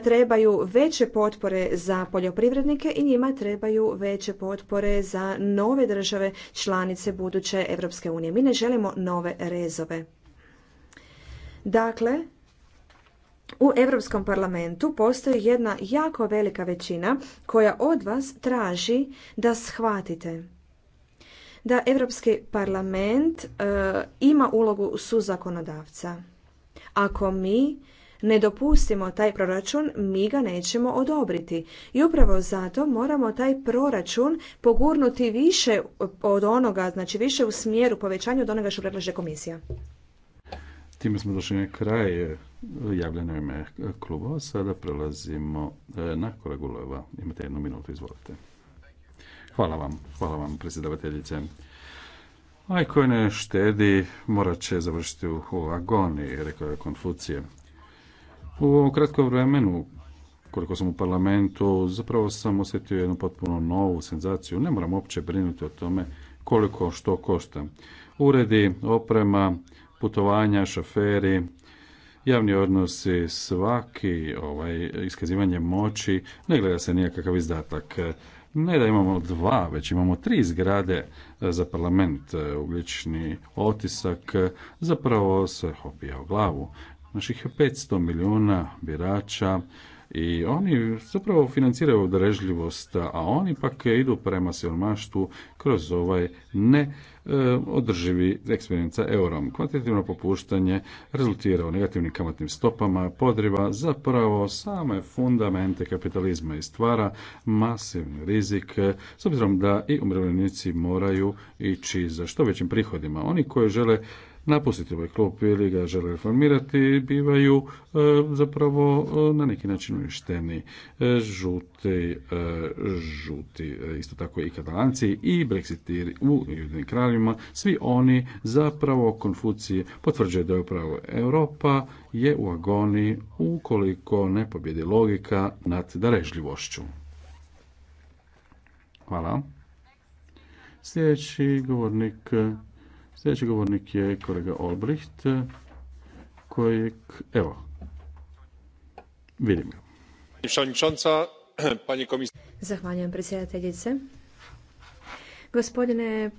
trebaju veće potpore za poljoprivrednike i njima trebaju veće potpore za nove države članice buduće Europske unije. Mi ne želimo nove rezove. Dakle, u Europskom parlamentu postoji jedna jako velika većina koja od vas traži da shvatite da Europski parlament e, ima ulogu suzakonodavca. Ako mi ne dopustimo taj proračun, mi ga nećemo odobriti. I upravo zato moramo taj proračun pogurnuti više od onoga, znači više u smjeru povećanja od onoga što predlaže komisija. Time smo došli na kraj eh, javljeno ime eh, klubova. Sada prelazimo eh, na kolegu Imate jednu minutu, izvolite. Hvala vam, hvala vam predsjedavateljice. Aj ne štedi, morat će završiti u agoniji, rekao je Konfucije. U ovom kratkom vremenu koliko sam u parlamentu, zapravo sam osjetio jednu potpuno novu senzaciju. Ne moram uopće brinuti o tome koliko što košta. Uredi, oprema, putovanja, šoferi, javni odnosi, svaki ovaj, iskazivanje moći, ne gleda se nikakav izdatak. Ne da imamo dva, već imamo tri zgrade za parlament. Ugljični otisak zapravo se hopija u glavu naših znači, 500 milijuna birača i oni zapravo financiraju odrežljivost, a oni pak idu prema siromaštvu kroz ovaj ne e, održivi eksperiment sa eurom. Kvantitativno popuštanje rezultira u negativnim kamatnim stopama, podriva zapravo same fundamente kapitalizma i stvara masivni rizik, s obzirom da i umirovljenici moraju ići za što većim prihodima. Oni koji žele napustiti ovaj klub ili ga žele reformirati, bivaju e, zapravo e, na neki način uništeni. E, žuti, žuti, isto tako i katalanci i brexitiri u Ujedinim kraljima, svi oni zapravo konfucije potvrđuje da je upravo Europa je u agoni ukoliko ne pobjedi logika nad darežljivošću. Hvala. Sljedeći govornik Sljedeći govornik je kolega Olbricht, kojeg, evo, vidim ga. Zahvaljujem predsjedateljice. Gospodine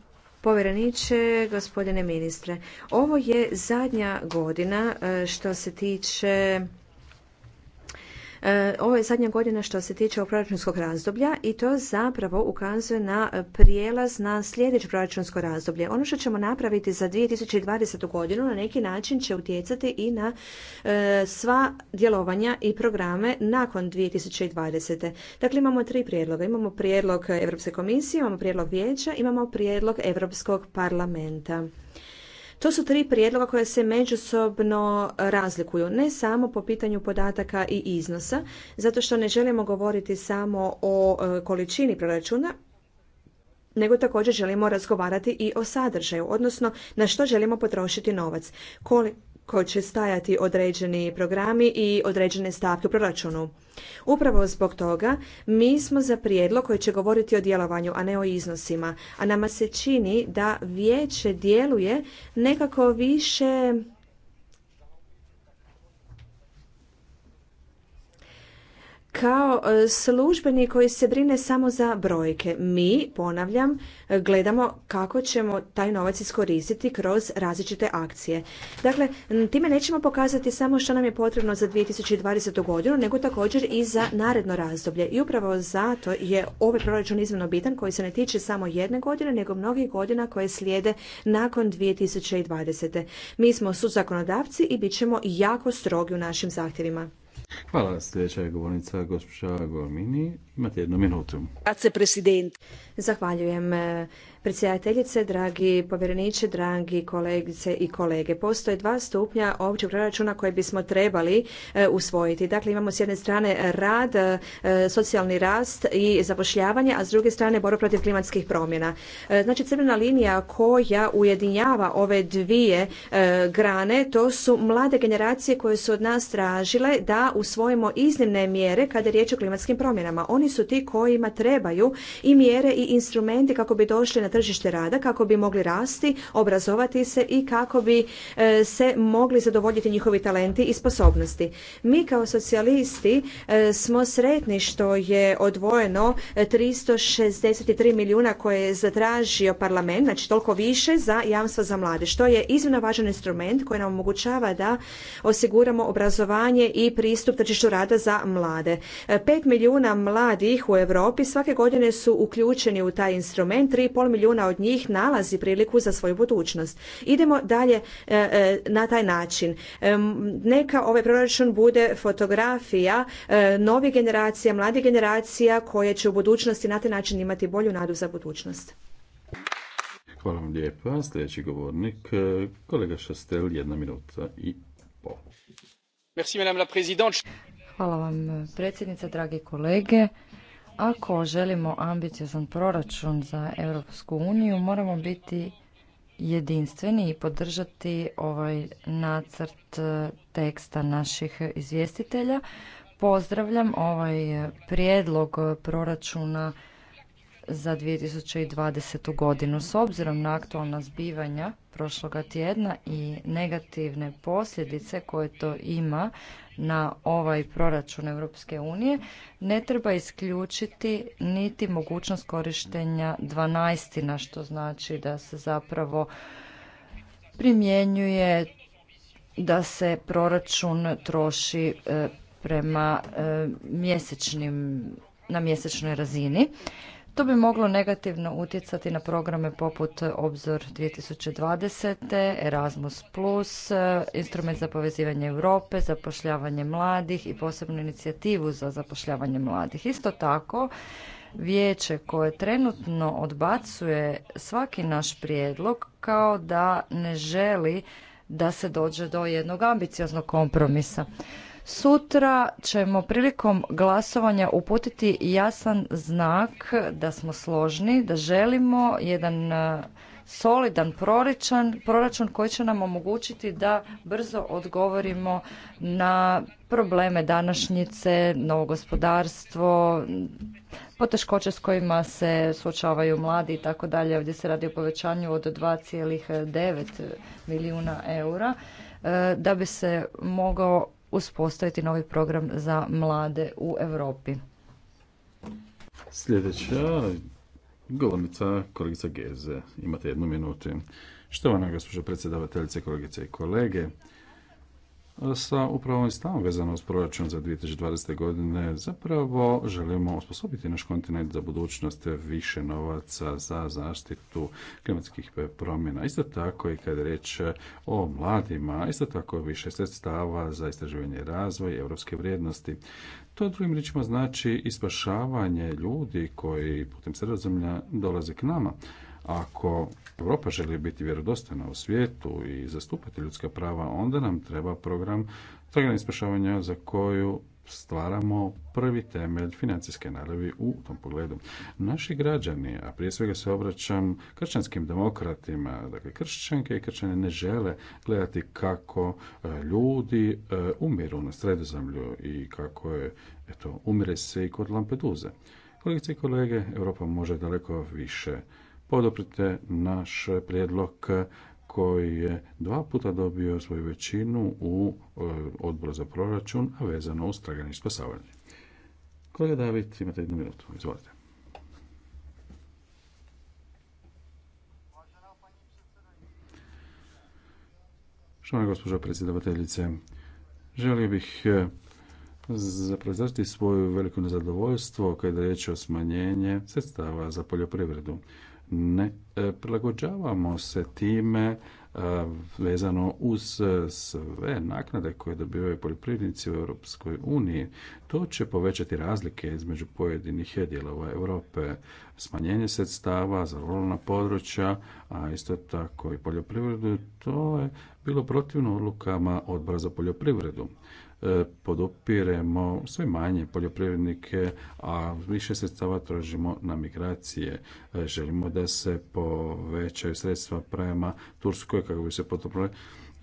povjereniče, gospodine ministre, ovo je zadnja godina e, što se tiče E, ovo je zadnja godina što se tiče ovog proračunskog razdoblja i to zapravo ukazuje na prijelaz na sljedeće proračunsko razdoblje. Ono što ćemo napraviti za 2020. godinu na neki način će utjecati i na e, sva djelovanja i programe nakon 2020. Dakle, imamo tri prijedloga. Imamo prijedlog Europske komisije, imamo prijedlog vijeća, imamo prijedlog Europskog parlamenta. To su tri prijedloga koje se međusobno razlikuju, ne samo po pitanju podataka i iznosa, zato što ne želimo govoriti samo o e, količini proračuna, nego također želimo razgovarati i o sadržaju, odnosno na što želimo potrošiti novac. Koliko koji će stajati određeni programi i određene stavke u proračunu. Upravo zbog toga mi smo za prijedlog koji će govoriti o djelovanju, a ne o iznosima. A nama se čini da vijeće djeluje nekako više kao e, službenik koji se brine samo za brojke. Mi, ponavljam, e, gledamo kako ćemo taj novac iskoristiti kroz različite akcije. Dakle, time nećemo pokazati samo što nam je potrebno za 2020. godinu, nego također i za naredno razdoblje. I upravo zato je ovaj proračun izmjeno bitan koji se ne tiče samo jedne godine, nego mnogih godina koje slijede nakon 2020. Mi smo suzakonodavci i bit ćemo jako strogi u našim zahtjevima. Hvala. Sljedeća je govornica gospođa Gormini. Imate jednu minutu. Zahvaljujem predsjedateljice, dragi povjereniče, dragi kolegice i kolege. Postoje dva stupnja općeg proračuna koje bismo trebali e, usvojiti. Dakle, imamo s jedne strane rad, e, socijalni rast i zapošljavanje, a s druge strane borba protiv klimatskih promjena. E, znači, crvena linija koja ujedinjava ove dvije grane, to su mlade generacije koje su od nas tražile da usvojimo iznimne mjere kada je riječ o klimatskim promjenama. Oni su ti kojima trebaju i mjere i instrumenti kako bi došli na tržište rada kako bi mogli rasti, obrazovati se i kako bi e, se mogli zadovoljiti njihovi talenti i sposobnosti. Mi kao socijalisti e, smo sretni što je odvojeno 363 e, milijuna koje je zatražio parlament, znači toliko više za jamstva za mlade, što je iznimno važan instrument koji nam omogućava da osiguramo obrazovanje i pristup tržištu rada za mlade. 5 milijuna mladih u Europi svake godine su uključeni u taj instrument, 3,5 milijuna milijuna od njih nalazi priliku za svoju budućnost. Idemo dalje e, e, na taj način. E, neka ovaj proračun bude fotografija novih generacija, mladih generacija koje će u budućnosti na taj način imati bolju nadu za budućnost. Hvala vam lijepa. Sljedeći govornik, kolega Šastel, jedna minuta i pol. Merci, madame la Hvala vam predsjednica, dragi kolege. Ako želimo ambiciozan proračun za Europsku uniju, moramo biti jedinstveni i podržati ovaj nacrt teksta naših izvjestitelja. Pozdravljam ovaj prijedlog proračuna za 2020. godinu. S obzirom na aktualna zbivanja prošloga tjedna i negativne posljedice koje to ima na ovaj proračun Europske unije, ne treba isključiti niti mogućnost korištenja dvanaestina, što znači da se zapravo primjenjuje da se proračun troši e, prema e, mjesečnim, na mjesečnoj razini. To bi moglo negativno utjecati na programe poput Obzor 2020, Erasmus+, Instrument za povezivanje Europe, zapošljavanje mladih i posebnu inicijativu za zapošljavanje mladih. Isto tako, vijeće koje trenutno odbacuje svaki naš prijedlog kao da ne želi da se dođe do jednog ambicioznog kompromisa. Sutra ćemo prilikom glasovanja uputiti jasan znak da smo složni, da želimo jedan e, solidan proračun, proračun koji će nam omogućiti da brzo odgovorimo na probleme današnjice, novo gospodarstvo, poteškoće s kojima se suočavaju mladi i tako dalje. Ovdje se radi o povećanju od 2,9 milijuna eura e, da bi se mogao uspostaviti novi program za mlade u Europi. Sljedeća govornica kolegica Geze. Imate jednu minutu. Štovana gospođo predsjedavateljice, kolegice i kolege, sa upravo i stavom vezano s proračun za 2020. godine zapravo želimo osposobiti naš kontinent za budućnost više novaca za zaštitu klimatskih promjena. Isto tako i kad je reč o mladima, isto tako više sredstava za istraživanje i razvoj europske vrijednosti. To drugim riječima znači ispašavanje ljudi koji putem sredozemlja dolaze k nama. Ako Europa želi biti vjerodostojna u svijetu i zastupati ljudska prava, onda nam treba program traganja spašavanja za koju stvaramo prvi temelj financijske naravi u tom pogledu. Naši građani, a prije svega se obraćam kršćanskim demokratima, dakle kršćanke i kršćane ne žele gledati kako e, ljudi e, umiru na sredozemlju i kako je, eto, umire se i kod Lampeduze. Kolegice i kolege, Europa može daleko više podoprite naš prijedlog koji je dva puta dobio svoju većinu u eh, odboru za proračun, a vezano uz traganje i spasavanje. Kolega David, imate jednu minutu, izvolite. Štovana gospođo predsjedavateljice, želio bih eh, zaprezati svoju veliko nezadovoljstvo kada je riječ o smanjenje sredstava za poljoprivredu ne e, prilagođavamo se time e, vezano uz e, sve naknade koje dobivaju poljoprivrednici u Europskoj uniji. To će povećati razlike između pojedinih dijelova Europe smanjenje sredstava za ruralna područja, a isto tako i poljoprivredu, to je bilo protivno odlukama odbora za poljoprivredu e, podopiremo sve manje poljoprivrednike, a više sredstava tražimo na migracije. E, želimo da se povećaju sredstva prema Turskoj kako bi se potopili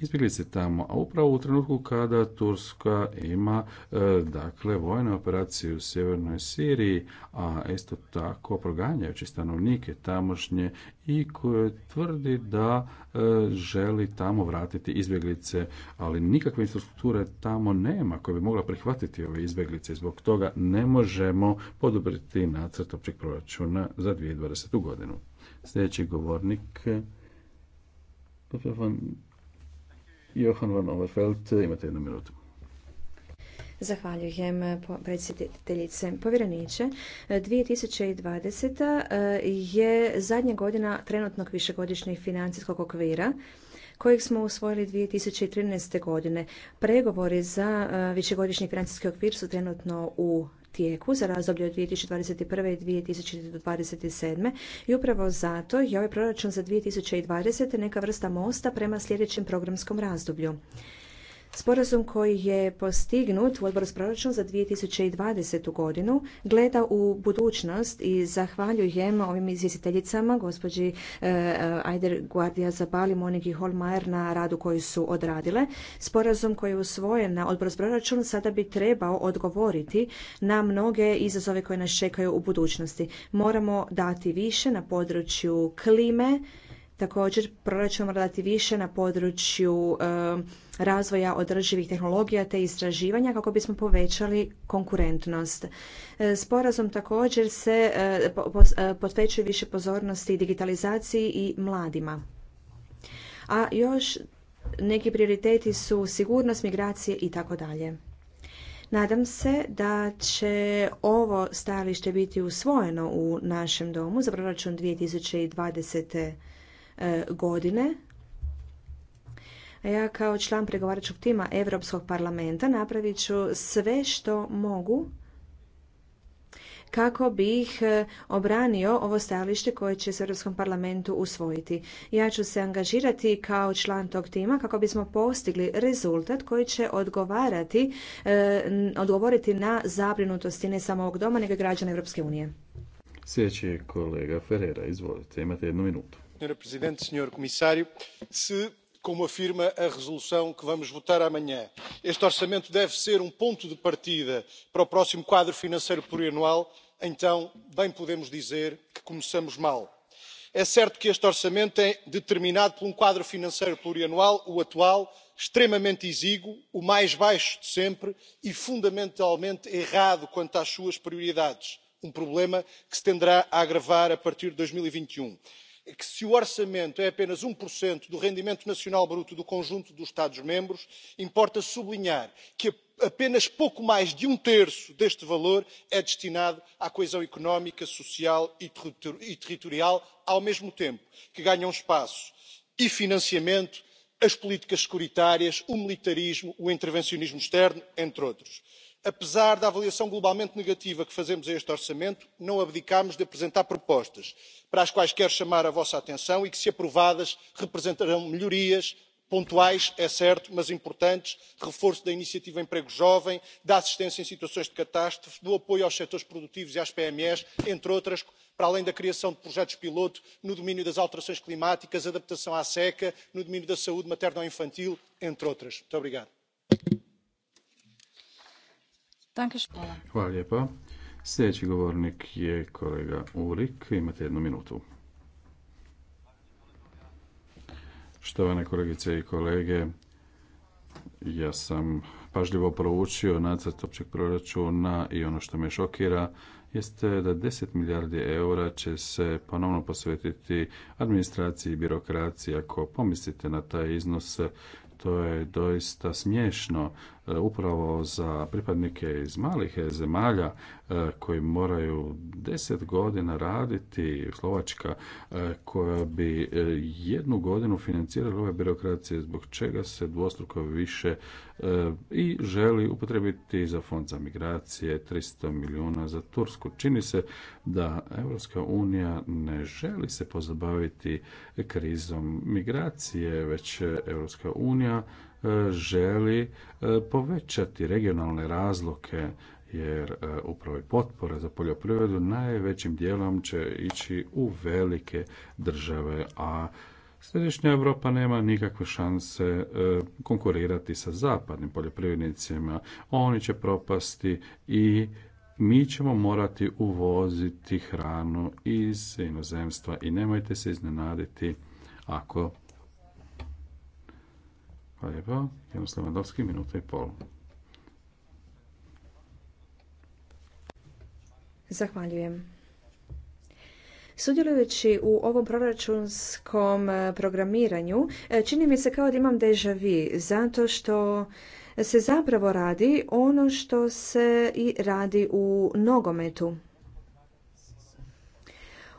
izbjeglice tamo, a upravo u trenutku kada Turska ima e, dakle vojne operacije u sjevernoj Siriji, a isto tako proganjajući stanovnike tamošnje i koje tvrdi da e, želi tamo vratiti izbjeglice, ali nikakve infrastrukture tamo nema koja bi mogla prihvatiti ove izbjeglice. Zbog toga ne možemo podobriti nacrt općeg proračuna za 2020. godinu. Sljedeći govornik, e, Johan van Overveld, imate jednu minutu. Zahvaljujem eh, predsjediteljice. Povjereniče, 2020. Eh, eh, je zadnja godina trenutnog višegodišnjeg financijskog okvira kojeg smo usvojili 2013. godine. Pregovori za višegodišnji financijski okvir su trenutno u tijeku za razdoblje od 2021. i 2027. i upravo zato je ovaj proračun za 2020. neka vrsta mosta prema sljedećem programskom razdoblju. Sporazum koji je postignut u odboru s proračun za 2020. godinu gleda u budućnost i zahvaljujem ovim izvjestiteljicama, gospođi e, e, Aider Guardia Zabali, Moniki Holmajer na radu koji su odradile. Sporazum koji je usvojen na odboru s proračun sada bi trebao odgovoriti na mnoge izazove koje nas čekaju u budućnosti. Moramo dati više na području klime, Također proračun raditi više na području e, razvoja održivih tehnologija te istraživanja kako bismo povećali konkurentnost. E, sporazum također se e, potvećuje više pozornosti digitalizaciji i mladima. A još neki prioriteti su sigurnost, migracije i tako dalje. Nadam se da će ovo stajalište biti usvojeno u našem domu za proračun 2020. E, godine ja kao član pregovaračkog tima Europskog parlamenta napravit ću sve što mogu kako bih e, obranio ovo stajalište koje će se Europskom parlamentu usvojiti. Ja ću se angažirati kao član tog tima kako bismo postigli rezultat koji će odgovarati, e, odgovoriti na zabrinutosti ne samo ovog doma, nego i građana Europske unije. Sljedeći kolega Ferreira, izvolite, imate jednu minutu senhora presidente senhor comissário se como afirma a resolução que vamos votar amanhã este orçamento deve ser um ponto de partida para o próximo quadro financeiro plurianual então bem podemos dizer que começamos mal. é certo que este orçamento é determinado por um quadro financeiro plurianual o atual extremamente exíguo o mais baixo de sempre e fundamentalmente errado quanto às suas prioridades um problema que se tenderá a agravar a partir de dois mil e vinte e um que se o orçamento é apenas um do rendimento nacional bruto do conjunto dos estados membros importa sublinhar que apenas pouco mais de um terço deste valor é destinado à coesão económica social e, e territorial ao mesmo tempo que ganham um espaço e financiamento as políticas securitárias o militarismo o intervencionismo externo entre outros apesar da avaliação globalmente negativa que fazemos a este orçamento não abdicámos de apresentar propostas para as quais quero chamar a vossa atenção e que se aprovadas representarão melhorias pontuais é certo mas importantes reforço da iniciativa emprego jovem da assistência em situações de catástrofe do apoio aos setores produtivos e às pme entre outras para além da criação de projetos piloto no domínio das alterações climáticas adaptação à seca no domínio da saúde materno infantil entre outras. muito obrigado. Hvala lijepa. Sljedeći govornik je kolega Urik. Imate jednu minutu. Štovane kolegice i kolege, ja sam pažljivo proučio nacrt općeg proračuna i ono što me šokira jeste da 10 milijardi eura će se ponovno posvetiti administraciji i birokraciji. Ako pomislite na taj iznos, to je doista smiješno. E, upravo za pripadnike iz malih e, zemalja e, koji moraju deset godina raditi, Slovačka koja bi jednu godinu financirala ove birokracije zbog čega se dvostruko više i želi upotrebiti za fond za migracije 300 milijuna za Tursku. Čini se da Europska unija ne želi se pozabaviti krizom migracije, već Europska unija želi e, povećati regionalne razloke jer e, upravo i potpore za poljoprivredu najvećim dijelom će ići u velike države, a Središnja Europa nema nikakve šanse e, konkurirati sa zapadnim poljoprivrednicima. Oni će propasti i mi ćemo morati uvoziti hranu iz inozemstva i nemojte se iznenaditi ako Hvala minuta i Zahvaljujem. Sudjelujući u ovom proračunskom e, programiranju, e, čini mi se kao da imam deja vu, zato što se zapravo radi ono što se i radi u nogometu.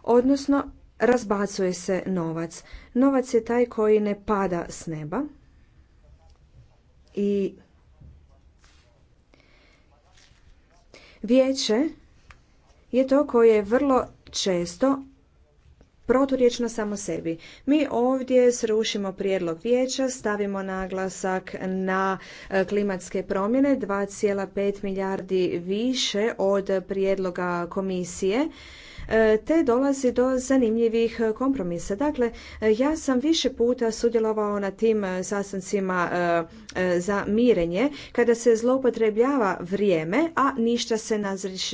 Odnosno, razbacuje se novac. Novac je taj koji ne pada s neba, i vijeće je to koje je vrlo često proturječno samo sebi. Mi ovdje srušimo prijedlog vijeća, stavimo naglasak na e, klimatske promjene, 2,5 milijardi više od prijedloga komisije E, te dolazi do zanimljivih e, kompromisa. Dakle, e, ja sam više puta sudjelovao na tim sastancima za mirenje kada se zloupotrebljava vrijeme, a ništa se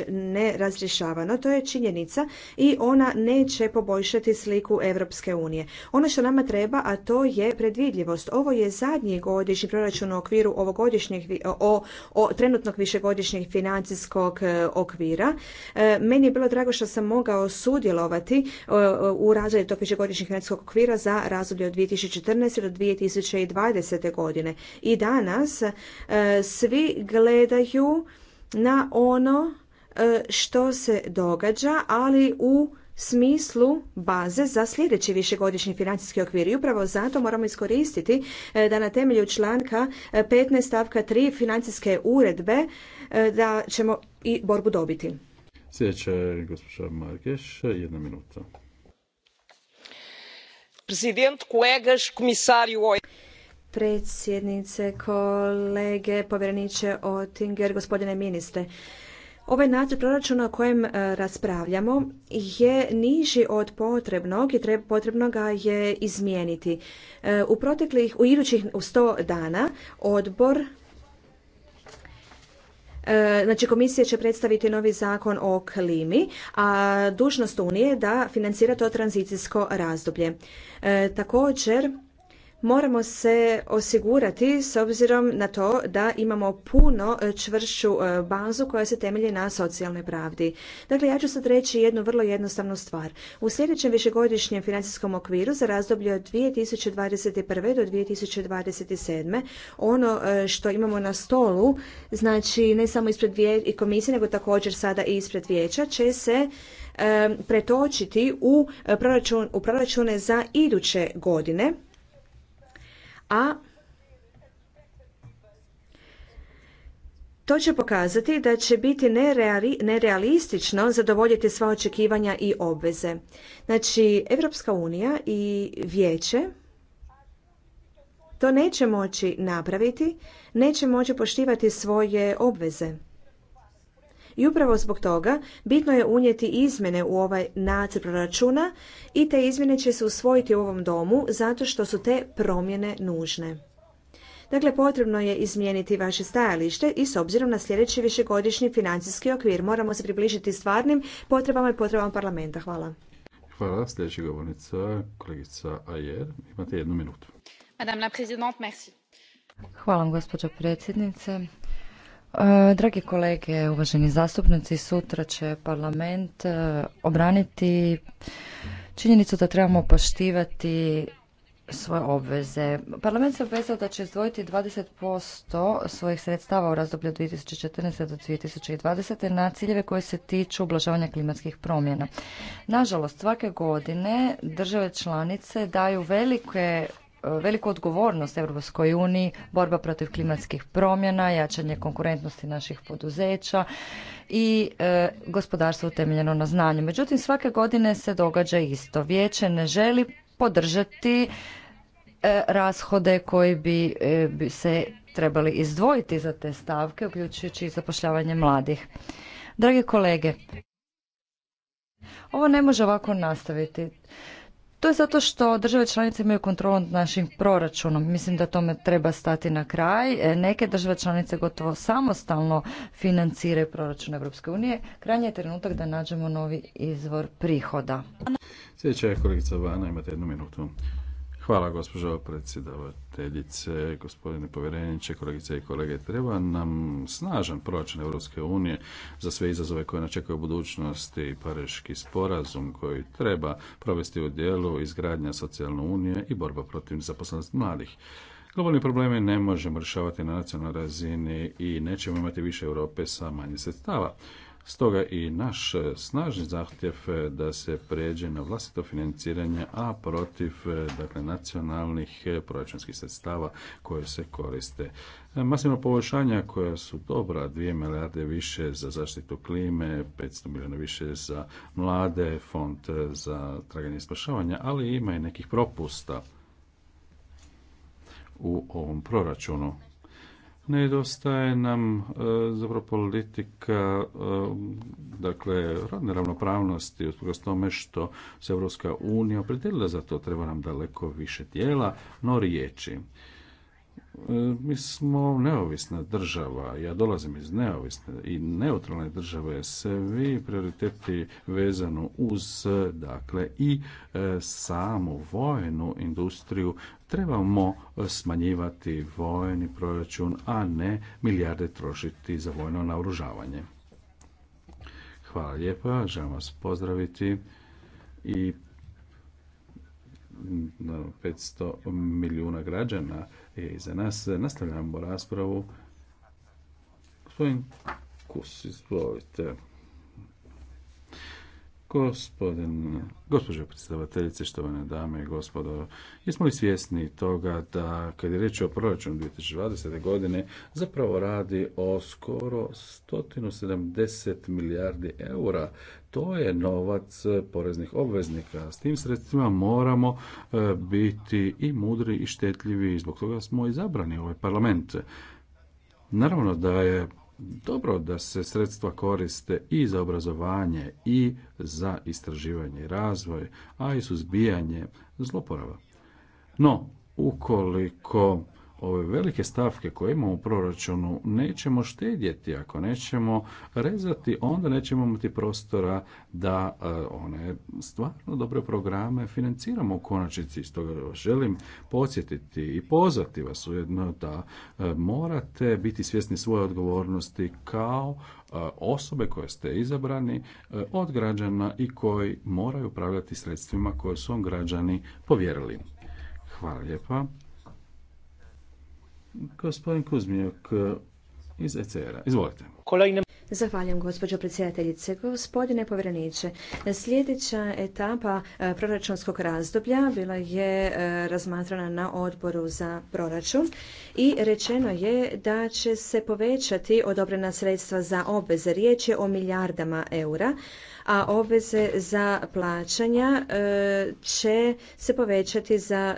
ne razrješava. No, to je činjenica i ona neće poboljšati sliku Europske unije. Ono što nama treba, a to je predvidljivost. Ovo je zadnji godišnji proračun u okviru ovogodišnjeg, o, trenutnog višegodišnjeg financijskog okvira. Meni je bilo drago što sam mogla mogao sudjelovati e, u razvoju tog višegodišnjeg financijskog okvira za razdoblje od 2014. do 2020. godine. I danas e, svi gledaju na ono e, što se događa, ali u smislu baze za sljedeći višegodišnji financijski okvir. I upravo zato moramo iskoristiti da na temelju članka 15 stavka 3 financijske uredbe da ćemo i borbu dobiti. Sljedeća je gospođa Markeš, jedna minuta. Predsjednice, kolege, povjereniče Otinger, gospodine ministre. Ovaj nacrt proračuna o kojem e, raspravljamo je niži od potrebnog i treba, potrebno ga je izmijeniti. E, u proteklih, u idućih sto dana odbor E, znači komisija će predstaviti novi zakon o klimi, a dužnost Unije je da financira to tranzicijsko razdoblje. E, također, Moramo se osigurati s obzirom na to da imamo puno e, čvršću e, bazu koja se temelji na socijalnoj pravdi. Dakle, ja ću sad reći jednu vrlo jednostavnu stvar. U sljedećem višegodišnjem financijskom okviru za razdoblje od 2021. do 2027. ono e, što imamo na stolu, znači ne samo ispred komisije, nego također sada i ispred vijeća, će se pretočiti u, proračun, u proračune za iduće godine a To će pokazati da će biti nerealistično zadovoljiti sva očekivanja i obveze. Znači, Evropska unija i vijeće to neće moći napraviti, neće moći poštivati svoje obveze. I upravo zbog toga bitno je unijeti izmjene u ovaj nacrt proračuna i te izmjene će se usvojiti u ovom domu zato što su te promjene nužne. Dakle, potrebno je izmijeniti vaše stajalište i s obzirom na sljedeći višegodišnji financijski okvir moramo se približiti stvarnim potrebama i potrebama parlamenta. Hvala. Hvala. Sljedeća govornica, kolegica Ajer. Imate jednu minutu. Madame la merci. Hvala vam, gospođo predsjednice. E, dragi kolege, uvaženi zastupnici, sutra će parlament e, obraniti činjenicu da trebamo poštivati svoje obveze. Parlament se obvezao da će izdvojiti 20% svojih sredstava u razdoblju 2014. do 2020. na ciljeve koje se tiču ublažavanja klimatskih promjena. Nažalost, svake godine države članice daju velike E, veliku odgovornost Europskoj uniji, borba protiv klimatskih promjena, jačanje konkurentnosti naših poduzeća i e, gospodarstvo utemeljeno na znanju. Međutim, svake godine se događa isto. Vijeće ne želi podržati e, rashode koji bi, bi se trebali izdvojiti za te stavke, uključujući i zapošljavanje mladih. Dragi kolege, ovo ne može ovako nastaviti. To je zato što države članice imaju kontrolu nad našim proračunom. Mislim da tome treba stati na kraj. E, neke države članice gotovo samostalno financiraju proračun Europske unije. Krajnji je trenutak da nađemo novi izvor prihoda. Sljedeća je kolegica Vana, imate jednu minutu. Hvala gospođo predsjedavateljice, gospodine povjereniče, kolegice i kolege. Treba nam snažan proračun Europske unije za sve izazove koje nas u budućnosti, Pariški sporazum koji treba provesti u dijelu izgradnja socijalne unije i borba protiv zaposlenosti mladih. Globalni problemi ne možemo rješavati na nacionalnoj razini i nećemo imati više Europe sa manje sredstava. Stoga i naš snažni zahtjev e, da se pređe na vlastito financiranje, a protiv e, dakle, nacionalnih e, proračunskih sredstava koje se koriste. Masivno poboljšanja koja su dobra, 2 milijarde više za zaštitu klime, 500 milijuna više za mlade, fond za traganje i spašavanje, ali ima i nekih propusta u ovom proračunu. Nedostaje nam e, zapravo politika e, dakle radne ravnopravnosti usprkos tome što se Europska unija opredijelila za to treba nam daleko više tijela, no riječi. E, mi smo neovisna država, ja dolazim iz neovisne i neutralne države, vi prioriteti vezano uz dakle i e, samu vojnu industriju trebamo smanjivati vojni proračun, a ne milijarde trošiti za vojno naoružavanje. Hvala lijepa, želim vas pozdraviti i 500 milijuna građana i za nas. Nastavljamo raspravu. Gospodin Kus, izvolite. Gospodin, gospođo predstavateljice, štovane dame i gospodo, jesmo li svjesni toga da kad je reč o proračunu 2020. godine zapravo radi o skoro 170 milijardi eura to je novac e, poreznih obveznika. S tim sredstvima moramo e, biti i mudri i štetljivi i zbog toga smo izabrani zabrani ovaj parlament. Naravno da je dobro da se sredstva koriste i za obrazovanje i za istraživanje i razvoj, a i suzbijanje zloporava. No, ukoliko ove velike stavke koje imamo u proračunu nećemo štedjeti, ako nećemo rezati, onda nećemo imati prostora da e, one stvarno dobre programe financiramo u konačnici. Stoga želim podsjetiti i pozvati vas ujedno da e, morate biti svjesni svoje odgovornosti kao e, osobe koje ste izabrani od građana i koji moraju upravljati sredstvima koje su vam građani povjerili. Hvala lijepa. Gospodin Kuzmijuk eh, iz ECR-a. Izvolite. Kolejne... Zahvaljujem gospođo predsjedateljice. Gospodine povjereniče, sljedeća etapa eh, proračunskog razdoblja bila je eh, razmatrana na odboru za proračun i rečeno je da će se povećati odobrena sredstva za obveze. Riječ je o milijardama eura, a obveze za plaćanja e, će se povećati za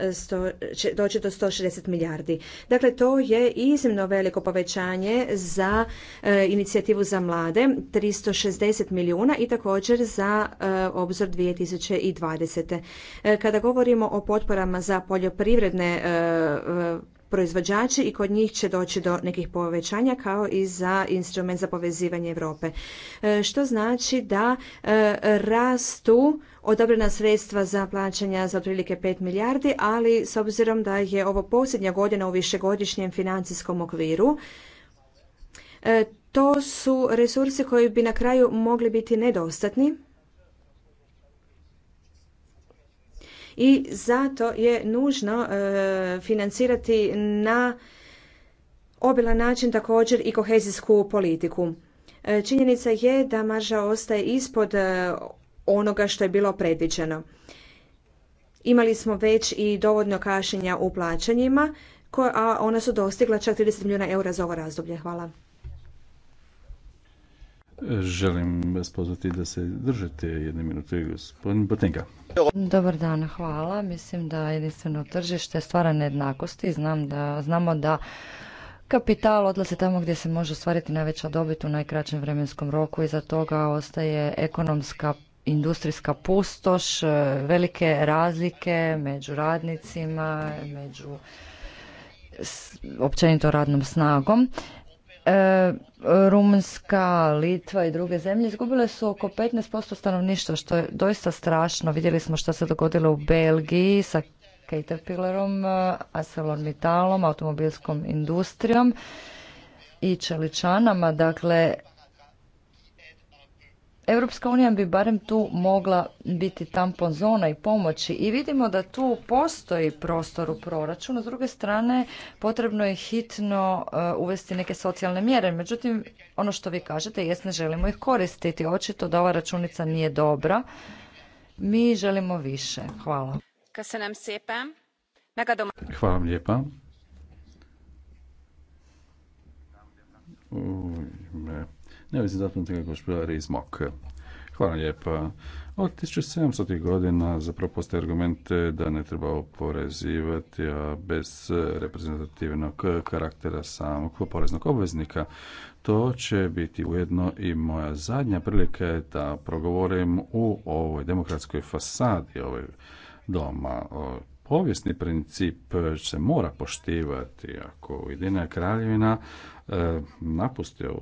će doći do 160 milijardi. Dakle, to je iznimno veliko povećanje za e, inicijativu za mlade, 360 milijuna i također za e, obzor 2020. Kada govorimo o potporama za poljoprivredne proizvođači i kod njih će doći do nekih povećanja kao i za instrument za povezivanje Europe. E, što znači da e, rastu odobrena sredstva za plaćanja za otprilike 5 milijardi, ali s obzirom da je ovo posljednja godina u višegodišnjem financijskom okviru, e, to su resursi koji bi na kraju mogli biti nedostatni i zato je nužno e, financirati na obilan način također i kohezijsku politiku. E, činjenica je da marža ostaje ispod e, onoga što je bilo predviđeno. Imali smo već i dovoljno kašenja u plaćanjima, a ona su dostigla čak 30 milijuna eura za ovo razdoblje. Hvala. Želim vas pozvati da se držite jedne minute, gospodin Botenka. Dobar dan, hvala. Mislim da jedinstveno tržište stvara nejednakosti. Znam da, znamo da kapital odlazi tamo gdje se može stvariti najveća dobit u najkraćem vremenskom roku i za toga ostaje ekonomska industrijska pustoš, velike razlike među radnicima, među općenito radnom snagom E, Rumunska, Litva i druge zemlje izgubile su oko 15% stanovništva, što je doista strašno. Vidjeli smo što se dogodilo u Belgiji sa Caterpillarom, e, metalom automobilskom industrijom i čeličanama. Dakle, Europska unija bi barem tu mogla biti tampon zona i pomoći i vidimo da tu postoji prostor u proračunu. S druge strane, potrebno je hitno e, uvesti neke socijalne mjere. Međutim, ono što vi kažete, jest ne želimo ih koristiti. Očito da ova računica nije dobra. Mi želimo više. Hvala. Hvala vam lijepa. U ime neovisni zastupnika iz mok Hvala lijepa. Od 1700. godina zapravo postoje argumente da ne treba oporezivati bez reprezentativnog karaktera samog poreznog obveznika. To će biti ujedno i moja zadnja prilika da progovorim u ovoj demokratskoj fasadi ovoj doma. Povijesni princip se mora poštivati ako Ujedinjena kraljevina e, napustio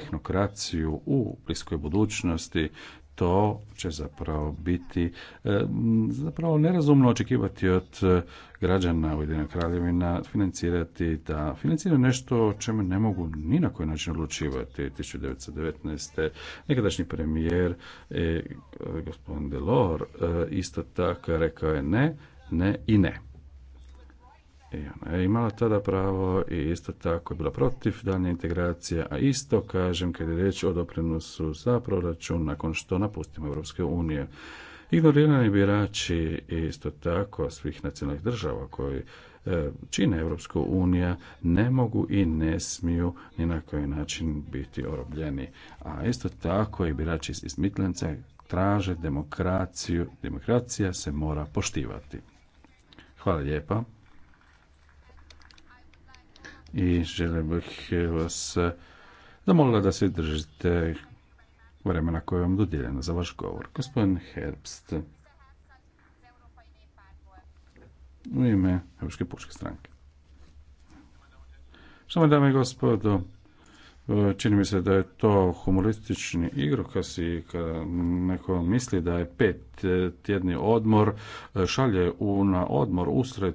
tehnokraciju u bliskoj budućnosti, to će zapravo biti e, zapravo nerazumno očekivati od e, građana ujedinjenih kraljevina financirati da financiraju nešto o čemu ne mogu ni na koji način odlučivati. 1919. nekadašnji premijer e, gospodin Delor, e, isto tako rekao je ne, ne i ne je imala tada pravo i isto tako je bila protiv daljnje integracije, a isto kažem kad je reč o doprinosu za proračun nakon što napustimo Europske unije. Ignorirani birači isto tako svih nacionalnih država koji e, čine Europsku unija ne mogu i ne smiju ni na koji način biti orobljeni. A isto tako i birači iz Smitlenca traže demokraciju. Demokracija se mora poštivati. Hvala lijepa i želim bih vas e, zamolila da se držite vremena koje vam dodijeljeno za vaš govor. Gospodin Herbst, u ime Europske pučke stranke. Štama dame i gospodo, E, čini mi se da je to humoristični igrokaz i kada neko misli da je pet e, tjedni odmor e, šalje u, na odmor usred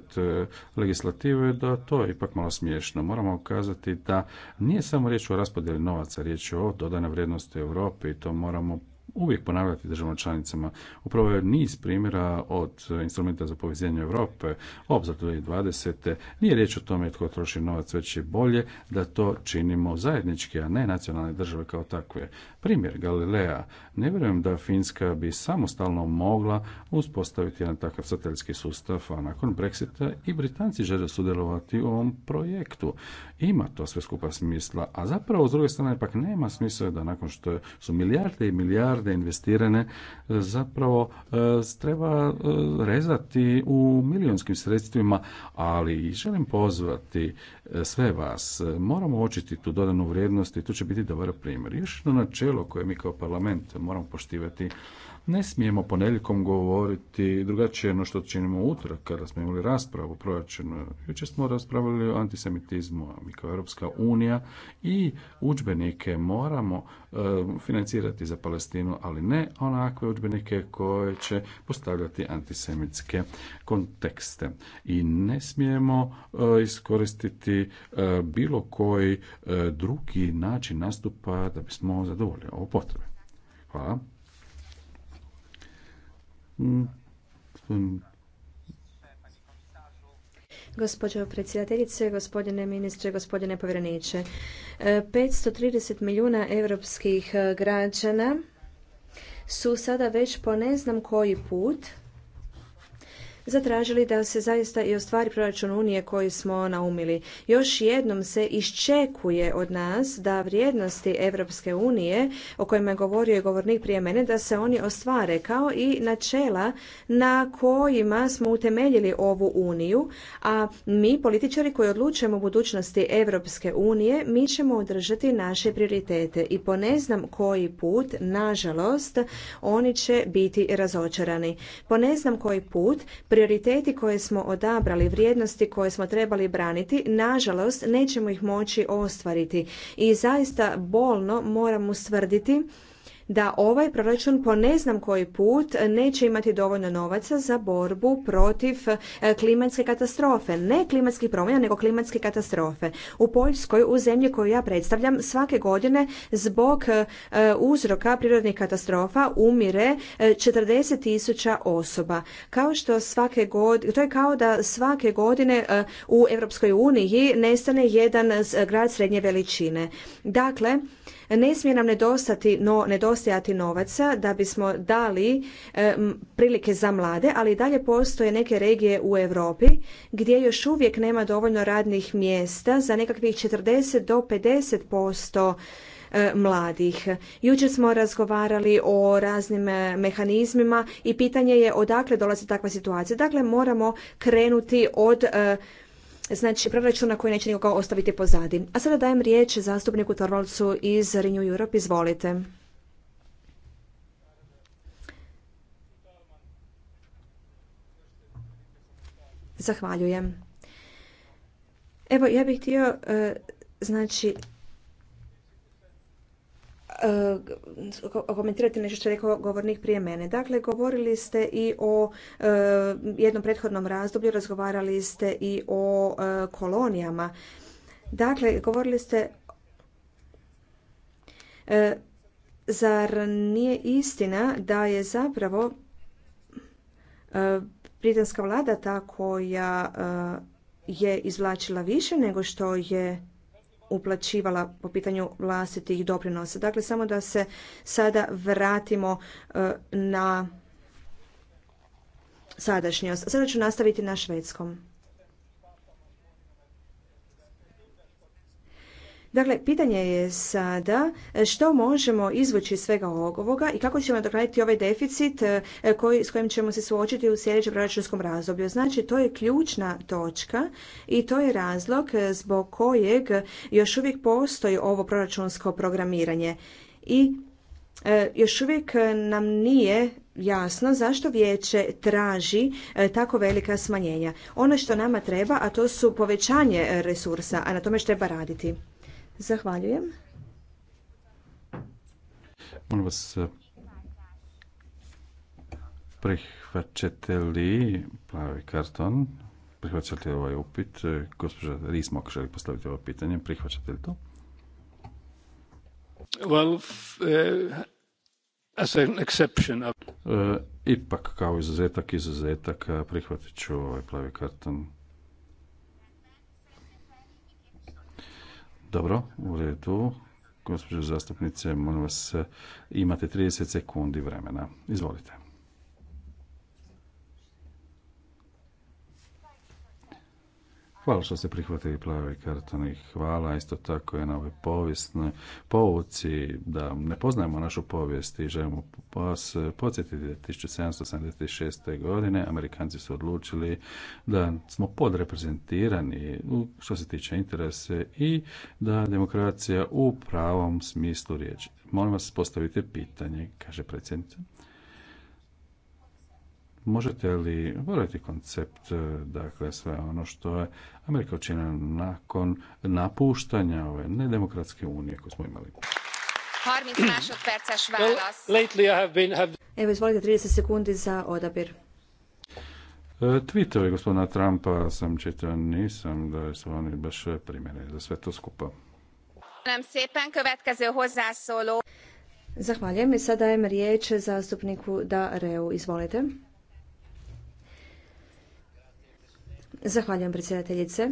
legislative, da to je ipak malo smiješno. Moramo kazati da nije samo riječ o raspodjeli novaca, riječ je o dodane vrijednosti Europe i to moramo uvijek ponavljati državama članicama. Upravo je niz primjera od instrumenta za povezanje Europe, obzor 2020. Nije riječ o tome tko troši novac, već je bolje da to činimo zajednički, a ne nacionalne države kao takve. Primjer Galilea, ne vjerujem da Finska bi samostalno mogla uspostaviti jedan takav satelitski sustav, a nakon Brexita i Britanci žele sudjelovati u ovom projektu. Ima to sve skupa smisla, a zapravo s druge strane pak nema smisla da nakon što su milijarde i milijarde investirane, zapravo e, treba e, rezati u milijonskim sredstvima, ali želim pozvati e, sve vas, moramo očiti tu dodanu vrijednost i to će biti dobar primjer. Još jedno načelo koje mi kao parlament moramo poštivati. Ne smijemo ponedjeljkom govoriti drugačije no što činimo utorak kada smo imali raspravu o proračunu. Jučer smo raspravili o antisemitizmu, mi kao Europska unija i udžbenike moramo e, financirati za Palestinu, ali ne onakve udžbenike koje će postavljati antisemitske kontekste. I ne smijemo e, iskoristiti e, bilo koji drugi način nastupa da bismo zadovoljili ovo potrebe. Hvala. Gospođo predsjedateljice, gospodine ministre, gospodine povjereniče. 530 e, milijuna europskih građana su sada već po ne znam koji put zatražili da se zaista i ostvari proračun Unije koji smo naumili. Još jednom se iščekuje od nas da vrijednosti Europske unije, o kojima je govorio i govornik prije mene, da se oni ostvare kao i načela na kojima smo utemeljili ovu uniju, a mi političari koji odlučujemo budućnosti Europske unije, mi ćemo održati naše prioritete i po ne znam koji put, nažalost, oni će biti razočarani. Po ne znam koji put prioriteti koje smo odabrali, vrijednosti koje smo trebali braniti, nažalost nećemo ih moći ostvariti. I zaista bolno moramo ustvrditi da ovaj proračun po ne znam koji put neće imati dovoljno novaca za borbu protiv e, klimatske katastrofe. Ne klimatskih promjena, nego klimatske katastrofe. U Poljskoj, u zemlji koju ja predstavljam, svake godine zbog e, uzroka prirodnih katastrofa umire 40 e, tisuća osoba. Kao što svake godine, to je kao da svake godine u Europskoj uniji nestane jedan grad srednje veličine. Dakle, ne smije nam nedostati, no, nedostajati novaca da bismo dali e, prilike za mlade, ali i dalje postoje neke regije u Europi gdje još uvijek nema dovoljno radnih mjesta za nekakvih 40 do 50 posto e, mladih. Jučer smo razgovarali o raznim e, mehanizmima i pitanje je odakle dolazi takva situacija. Dakle, moramo krenuti od znači proračuna koji neće nikoga ostaviti pozadi. A sada dajem riječ zastupniku Torvalcu iz Renew Europe. Izvolite. Zahvaljujem. Evo, ja bih htio e, znači E, komentirati nešto što je rekao govornik prije mene. Dakle, govorili ste i o e, jednom prethodnom razdoblju, razgovarali ste i o e, kolonijama. Dakle, govorili ste zar nije istina da je zapravo britanska vlada ta koja je izvlačila više nego što je uplaćivala po pitanju vlastitih doprinosa. Dakle, samo da se sada vratimo e, na sadašnjost. Sada ću nastaviti na švedskom. Dakle, pitanje je sada e, što možemo izvući svega ovoga i kako ćemo dokladiti ovaj deficit e, koji, s kojim ćemo se suočiti u sljedećem proračunskom razdoblju. Znači, to je ključna točka i to je razlog e, zbog kojeg još uvijek postoji ovo proračunsko programiranje. I još uvijek nam nije jasno zašto vijeće traži tako velika smanjenja. Ono što nama treba, a to su povećanje resursa, a na tome što treba raditi. Zahvaljujem. Molim vas, prihvaćate li plavi karton? Prihvaćate li ovaj upit? Gospođa Rismok želi postaviti ovo pitanje. Prihvaćate li to? Well, eh, eh, ipak kao izuzetak izuzetak, prihvatit ću ovaj plavi karton. Dobro, u redu. Gospođo zastupnice, molim vas, imate 30 sekundi vremena. Izvolite. Hvala što ste prihvatili plavi karton i hvala isto tako je na ovoj povijesnoj povuci da ne poznajemo našu povijest i želimo vas podsjetiti da 1776. godine Amerikanci su odlučili da smo podreprezentirani što se tiče interese i da demokracija u pravom smislu riječi. Molim vas postavite pitanje, kaže predsjednica. Možete li govoriti koncept, e, dakle sve ono što je Amerika učinila nakon napuštanja ove nedemokratske unije koju smo imali? Evo izvolite 30 sekundi za odabir. E, Tweetove gospodina Trumpa sam čitao, nisam da su oni baš primjeni za sve to skupa. Zahvaljujem i sada dajem riječ zastupniku Dareu. Izvolite. Zahvaljujem predsjedateljice.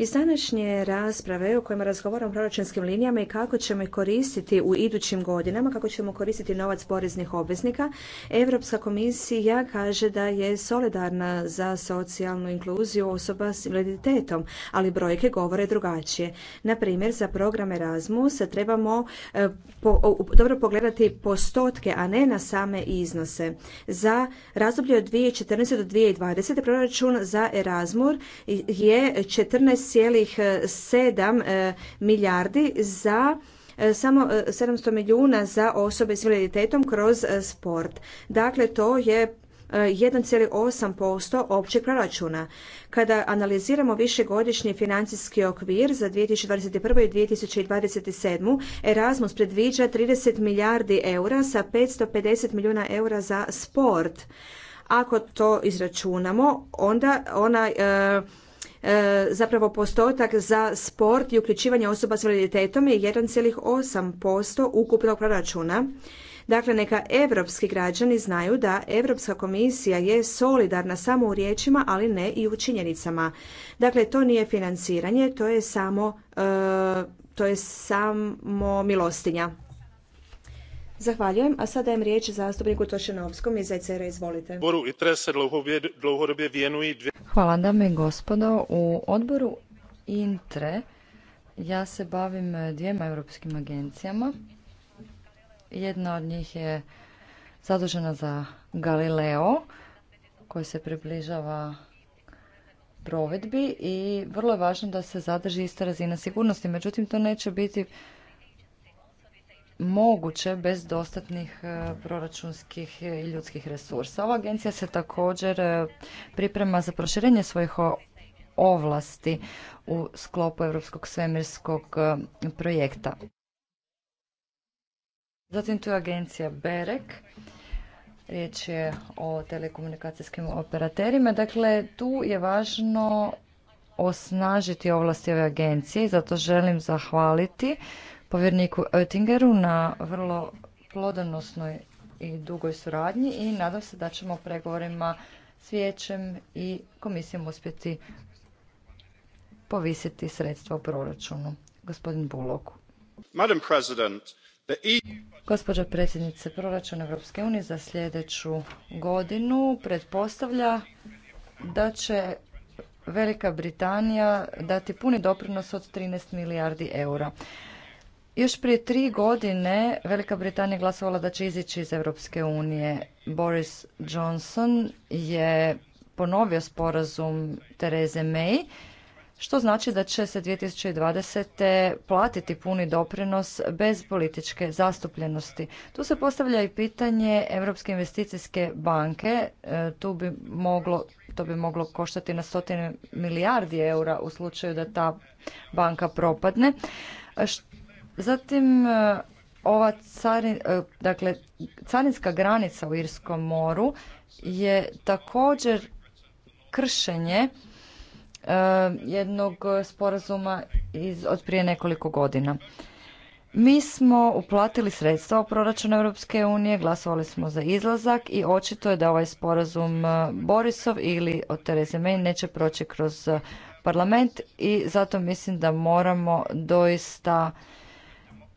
Iz današnje rasprave u kojima razgovaramo o proračunskim linijama i kako ćemo ih koristiti u idućim godinama, kako ćemo koristiti novac poreznih obveznika, Europska komisija kaže da je solidarna za socijalnu inkluziju osoba s invaliditetom, ali brojke govore drugačije. Na primjer, za program Erasmus trebamo e, dobro pogledati postotke, a ne na same iznose. Za razdoblje od 2014. do 2020. proračun za Erasmus je 14 7 e, milijardi za e, samo 700 e, milijuna za osobe s invaliditetom kroz sport. Dakle, to je 1,8% općeg proračuna. Kada analiziramo višegodišnji financijski okvir za 2021. i 2027. Erasmus predviđa 30 milijardi eura sa 550 milijuna eura za sport. Ako to izračunamo, onda ona E, zapravo postotak za sport i uključivanje osoba s invaliditetom je 1,8% ukupnog proračuna. Dakle, neka evropski građani znaju da Europska komisija je solidarna samo u riječima, ali ne i u činjenicama. Dakle, to nije financiranje, to je samo, e, to je samo milostinja. Zahvaljujem, a sada dajem riječ zastupniku Tošenovskom iz ECR, izvolite. Hvala dame i gospodo. U odboru INTRE ja se bavim dvijema europskim agencijama. Jedna od njih je zadužena za Galileo, koji se približava provedbi i vrlo je važno da se zadrži ista razina sigurnosti. Međutim, to neće biti moguće bez dostatnih e, proračunskih i ljudskih resursa. Ova agencija se također e, priprema za proširenje svojih ovlasti u sklopu Europskog svemirskog e, projekta. Zatim tu je agencija BEREK. Riječ je o telekomunikacijskim operaterima. Dakle, tu je važno osnažiti ovlasti ove agencije i zato želim zahvaliti povjerniku Oettingeru na vrlo plodonosnoj i dugoj suradnji i nadam se da ćemo pregovorima s vijećem i komisijom uspjeti povisiti sredstva u proračunu. Gospodin Bulog. E Gospođa predsjednice proračuna Europske unije za sljedeću godinu pretpostavlja da će Velika Britanija dati puni doprinos od 13 milijardi eura. Još prije tri godine Velika Britanija glasovala da će izići iz Europske unije. Boris Johnson je ponovio sporazum Tereze May, što znači da će se 2020. platiti puni doprinos bez političke zastupljenosti. Tu se postavlja i pitanje Europske investicijske banke. E, tu bi moglo, to bi moglo koštati na stotine milijardi eura u slučaju da ta banka propadne. Zatim e, ova e, dakle, carinska granica u Irskom moru je također kršenje e, jednog sporazuma iz, od prije nekoliko godina. Mi smo uplatili sredstva u proračun Europske unije, glasovali smo za izlazak i očito je da ovaj sporazum Borisov ili od Tereze neće proći kroz parlament i zato mislim da moramo doista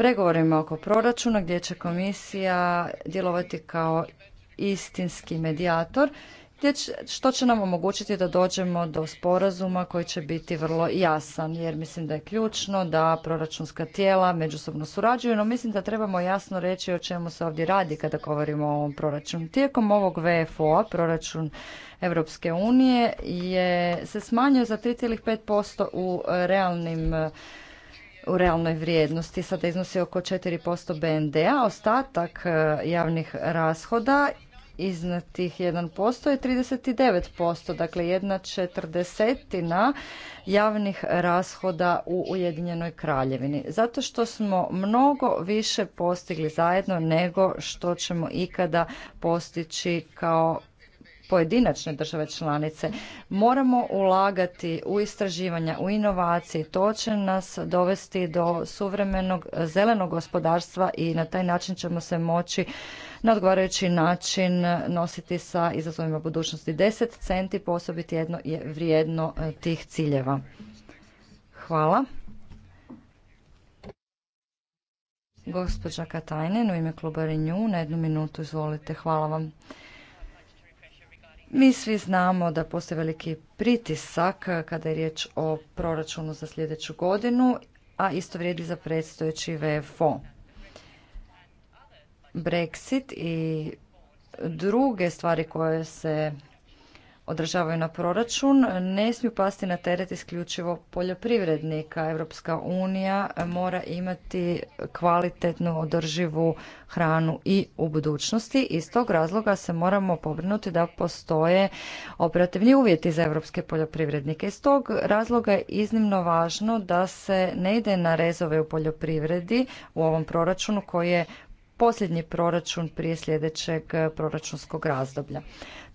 pregovorima oko proračuna gdje će komisija djelovati kao istinski medijator što će nam omogućiti da dođemo do sporazuma koji će biti vrlo jasan jer mislim da je ključno da proračunska tijela međusobno surađuju, no mislim da trebamo jasno reći o čemu se ovdje radi kada govorimo o ovom proračunu. Tijekom ovog VFO-a proračun Europske unije je se smanjio za 3,5% u realnim u realnoj vrijednosti, sada iznosi oko 4% BND-a, ostatak e, javnih rashoda iznad tih 1% je 39%, dakle jedna četrdesetina javnih rashoda u Ujedinjenoj kraljevini. Zato što smo mnogo više postigli zajedno nego što ćemo ikada postići kao pojedinačne države članice. Moramo ulagati u istraživanja, u inovacije. To će nas dovesti do suvremenog zelenog gospodarstva i na taj način ćemo se moći na odgovarajući način nositi sa izazovima budućnosti. 10 centi posobiti jedno je vrijedno e, tih ciljeva. Hvala. Gospođa Katajnen u ime kluba Renew, na jednu minutu izvolite. Hvala vam. Mi svi znamo da postoji veliki pritisak kada je riječ o proračunu za sljedeću godinu, a isto vrijedi za predstojeći VFO. Brexit i druge stvari koje se održavaju na proračun ne smiju pasti na teret isključivo poljoprivrednika. Europska unija mora imati kvalitetnu održivu hranu i u budućnosti. Iz tog razloga se moramo pobrinuti da postoje operativni uvjeti za europske poljoprivrednike. Iz tog razloga je iznimno važno da se ne ide na rezove u poljoprivredi u ovom proračunu koji je posljednji proračun prije sljedećeg eh, proračunskog razdoblja.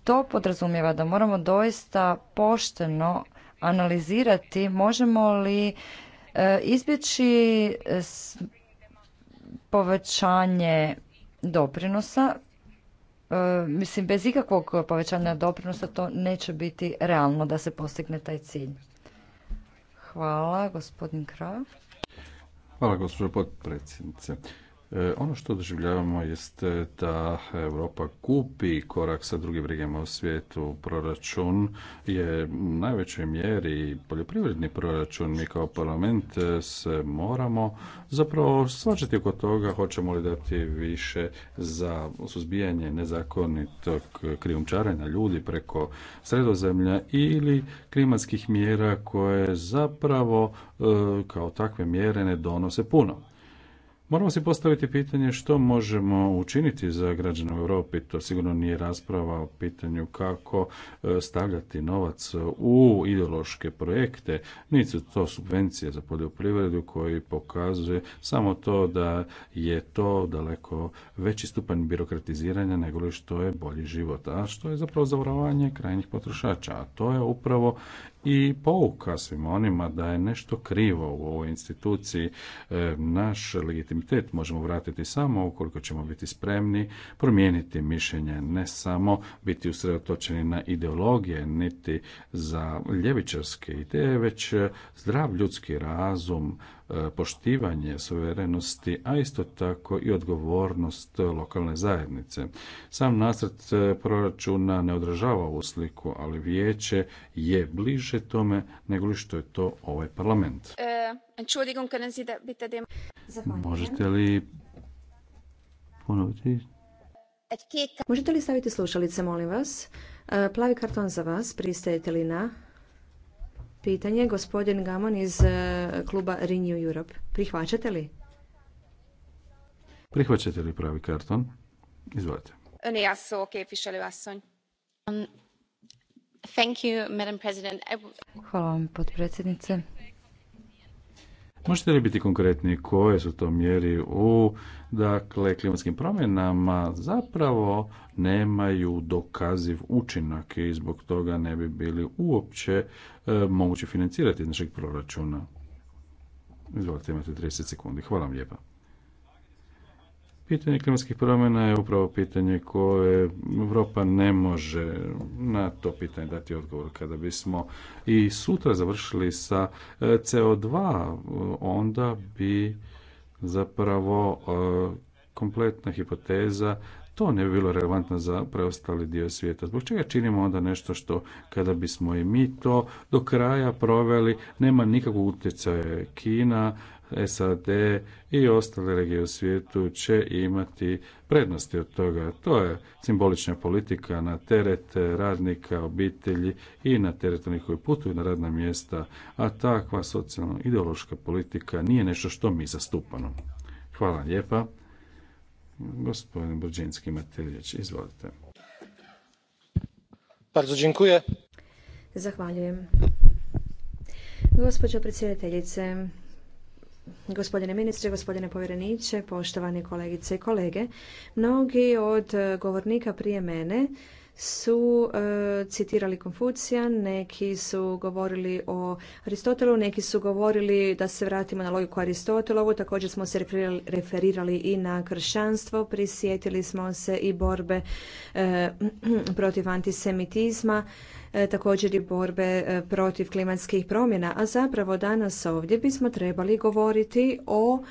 To podrazumijeva da moramo doista pošteno analizirati možemo li eh, izbjeći eh, povećanje doprinosa mislim bez ikakvog povećanja doprinosa to neće biti realno da se postigne taj cilj. Hvala, gospodin Krav. Hvala, gospođo potpredsjednice. E, ono što doživljavamo jest e, da Europa kupi korak sa drugim regijama u svijetu. Proračun je u najvećoj mjeri poljoprivredni proračun. Mi kao parlament e, se moramo zapravo svačati oko toga hoćemo li dati više za suzbijanje nezakonitog krijumčarenja ljudi preko sredozemlja ili klimatskih mjera koje zapravo kao takve mjere ne donose puno. Moramo si postaviti pitanje što možemo učiniti za građane u Europi. To sigurno nije rasprava o pitanju kako e, stavljati novac u ideološke projekte. Nisu to subvencije za poljoprivredu koji pokazuje samo to da je to daleko veći stupanj birokratiziranja nego li što je bolji život, a što je zapravo zavarovanje krajnjih potrošača. A to je upravo i pouka svim onima da je nešto krivo u ovoj instituciji. E, naš legitimitet možemo vratiti samo ukoliko ćemo biti spremni promijeniti mišljenje, ne samo biti usredotočeni na ideologije, niti za ljevičarske ideje, već zdrav ljudski razum, e, poštivanje suverenosti, a isto tako i odgovornost lokalne zajednice. Sam nacrt e, proračuna ne odražava ovu sliku, ali vijeće je bliže više tome nego što je to ovaj parlament. E, Možete li ponoviti? Možete li staviti slušalice, molim vas? E, plavi karton za vas, pristajete li na pitanje? Gospodin Gamon iz e, kluba Renew Europe. Prihvaćate li? Prihvaćate li pravi karton? Izvolite. Ne, ja ok, vas Hvala vam, potpredsjednice. Možete li biti konkretni koje su to mjeri u dakle, klimatskim promjenama zapravo nemaju dokaziv učinak i zbog toga ne bi bili uopće e, moguće financirati iz našeg proračuna? Izvolite, imate 30 sekundi. Hvala vam lijepa. Pitanje klimatskih promjena je upravo pitanje koje Europa ne može na to pitanje dati odgovor. Kada bismo i sutra završili sa e, CO2, onda bi zapravo e, kompletna hipoteza to ne bi bilo relevantno za preostali dio svijeta. Zbog čega činimo onda nešto što kada bismo i mi to do kraja proveli nema nikakvog utjecaja Kina, SAD i ostale regije u svijetu će imati prednosti od toga. To je simbolična politika na teret radnika, obitelji i na teret onih koji putuju na radna mjesta, a takva socijalno-ideološka politika nije nešto što mi zastupamo. Hvala lijepa. Gospodin Brđinski Mateljeć, izvolite. Bardzo dziękuję. Zahvaljujem. Gospođo predsjedateljice, Gospodine ministre, gospodine povjereniče, poštovani kolegice i kolege, mnogi od govornika prije mene su e, citirali Konfucija, neki su govorili o Aristotelu, neki su govorili da se vratimo na logiku Aristotelovu, također smo se referirali i na kršćanstvo, prisjetili smo se i borbe e, protiv antisemitizma, e, također i borbe protiv klimatskih promjena, a zapravo danas ovdje bismo trebali govoriti o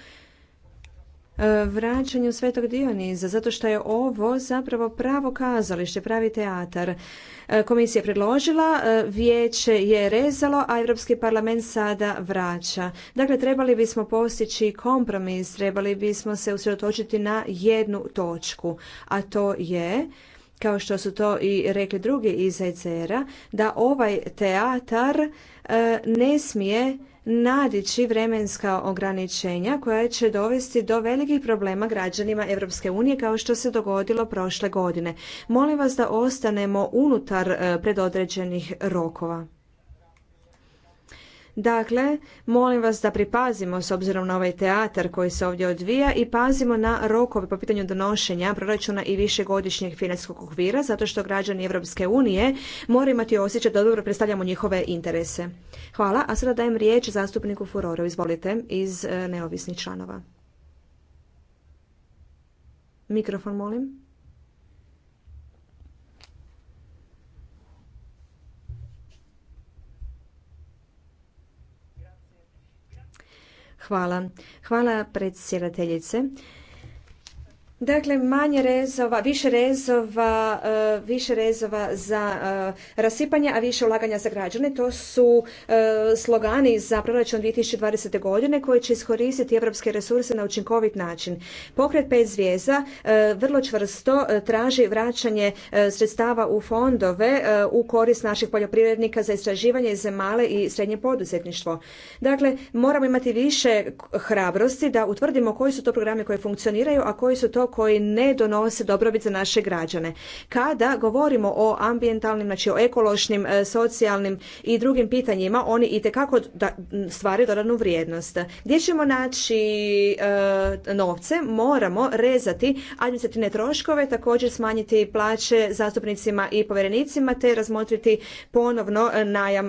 E, vraćanju Svetog Dioniza, zato što je ovo zapravo pravo kazalište, pravi teatar. E, komisija je predložila, e, vijeće je rezalo, a Europski parlament sada vraća. Dakle, trebali bismo postići kompromis, trebali bismo se usredotočiti na jednu točku, a to je kao što su to i rekli drugi iz ECR-a, da ovaj teatar ne smije nadići vremenska ograničenja koja će dovesti do velikih problema građanima Europske unije kao što se dogodilo prošle godine. Molim vas da ostanemo unutar eh, predodređenih rokova. Dakle, molim vas da pripazimo s obzirom na ovaj teatar koji se ovdje odvija i pazimo na rokove po pitanju donošenja proračuna i višegodišnjeg financijskog okvira, zato što građani Europske unije moraju imati osjećaj da dobro predstavljamo njihove interese. Hvala, a sada dajem riječ zastupniku Furoru, izvolite, iz e, neovisnih članova. Mikrofon, molim. Hvala. Hvala predsjedateljice. Dakle, manje rezova, više rezova, e, više rezova za e, rasipanje, a više ulaganja za građane. To su e, slogani za proračun 2020. godine koji će iskoristiti evropske resurse na učinkovit način. Pokret pet zvijezda vrlo čvrsto traži vraćanje sredstava u fondove u korist naših poljoprivrednika za istraživanje za male i srednje poduzetništvo. Dakle, moramo imati više hrabrosti da utvrdimo koji su to programi koji funkcioniraju, a koji su to koji ne donose dobrobit za naše građane. Kada govorimo o ambientalnim, znači o ekološnim, e, socijalnim i drugim pitanjima, oni itekako da, stvaraju dodanu vrijednost. Gdje ćemo naći e, novce? Moramo rezati administrativne troškove, također smanjiti plaće zastupnicima i povjerenicima te razmotriti ponovno e, najam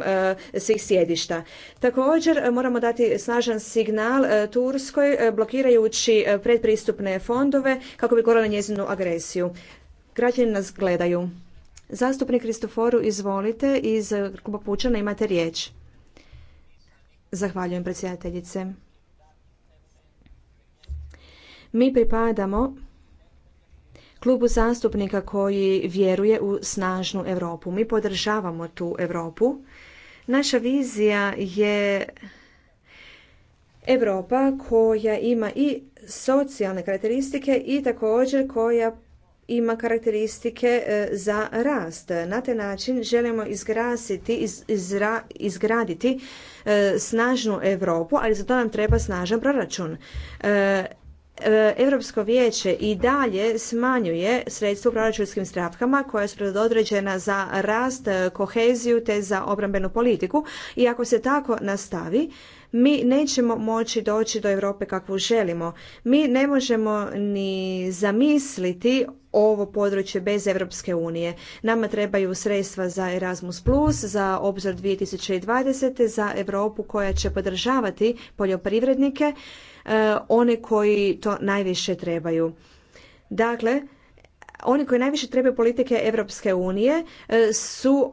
svih sjedišta. Također moramo dati snažan signal Turskoj blokirajući predpristupne fondove kako bi gorala njezinu agresiju. Građani nas gledaju. Zastupnik Kristoforu, izvolite, iz Kluba Pučana imate riječ. Zahvaljujem predsjedateljice. Mi pripadamo klubu zastupnika koji vjeruje u snažnu Europu. Mi podržavamo tu Europu. Naša vizija je Europa koja ima i socijalne karakteristike i također koja ima karakteristike e, za rast. Na taj način želimo izgrasiti, izgraditi e, snažnu Europu, ali za to nam treba snažan proračun. E, Europsko vijeće i dalje smanjuje sredstvo u proračunskim stavkama koja su predodređena za rast, koheziju te za obrambenu politiku i ako se tako nastavi mi nećemo moći doći do Europe kakvu želimo. Mi ne možemo ni zamisliti ovo područje bez Europske unije. Nama trebaju sredstva za Erasmus+, za obzor 2020, za Europu koja će podržavati poljoprivrednike, e, one koji to najviše trebaju. Dakle, oni koji najviše trebaju politike Europske unije e, su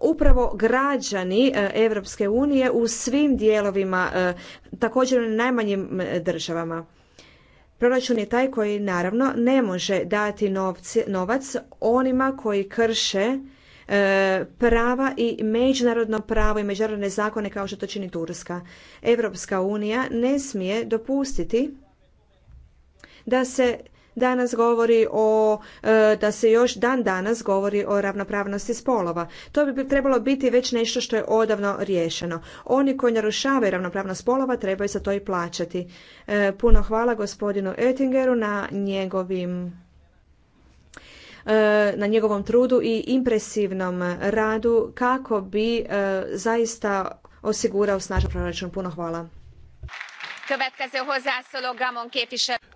upravo građani Europske unije u svim dijelovima, e, također u najmanjim državama. Proračun je taj koji naravno ne može dati novac onima koji krše e, prava i međunarodno pravo i međunarodne zakone kao što to čini Turska. Europska unija ne smije dopustiti da se danas govori o, e, da se još dan danas govori o ravnopravnosti spolova. To bi trebalo biti već nešto što je odavno riješeno. Oni koji narušavaju ravnopravnost spolova trebaju za to i plaćati. E, puno hvala gospodinu Oettingeru na njegovim e, na njegovom trudu i impresivnom radu kako bi zaista osigurao snažan proračun. Puno hvala.